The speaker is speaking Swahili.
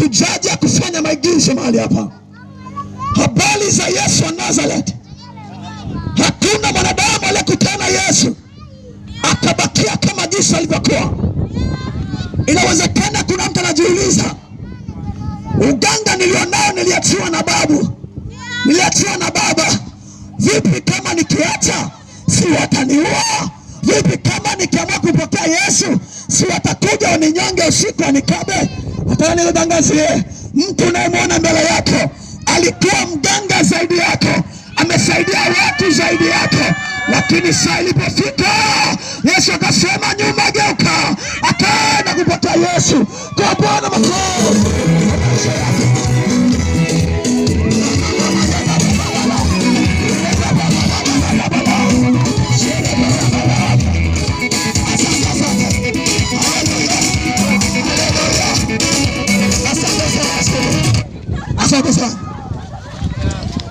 hatujaja kufanya maigizo mahali hapa. Habari za Yesu wa Nazareti, hakuna mwanadamu aliyekutana Yesu akabakia kama jinsi alivyokuwa. Inawezekana kuna mtu anajiuliza, uganga nilionao niliachiwa na babu, niliachiwa na baba. Vipi kama nikiacha, si wataniua? Vipi kama nikiamua kupokea Yesu, si watakuja waninyonge usiku wanikabe? Nataka nikutangazie, mtu unayemwona mbele yako alikuwa mganga zaidi yako, amesaidia watu zaidi yako, lakini saa ilipofika Yesu akasema, nyuma geuka, akaenda kupata Yesu kwa Bwana makofi Asha Basra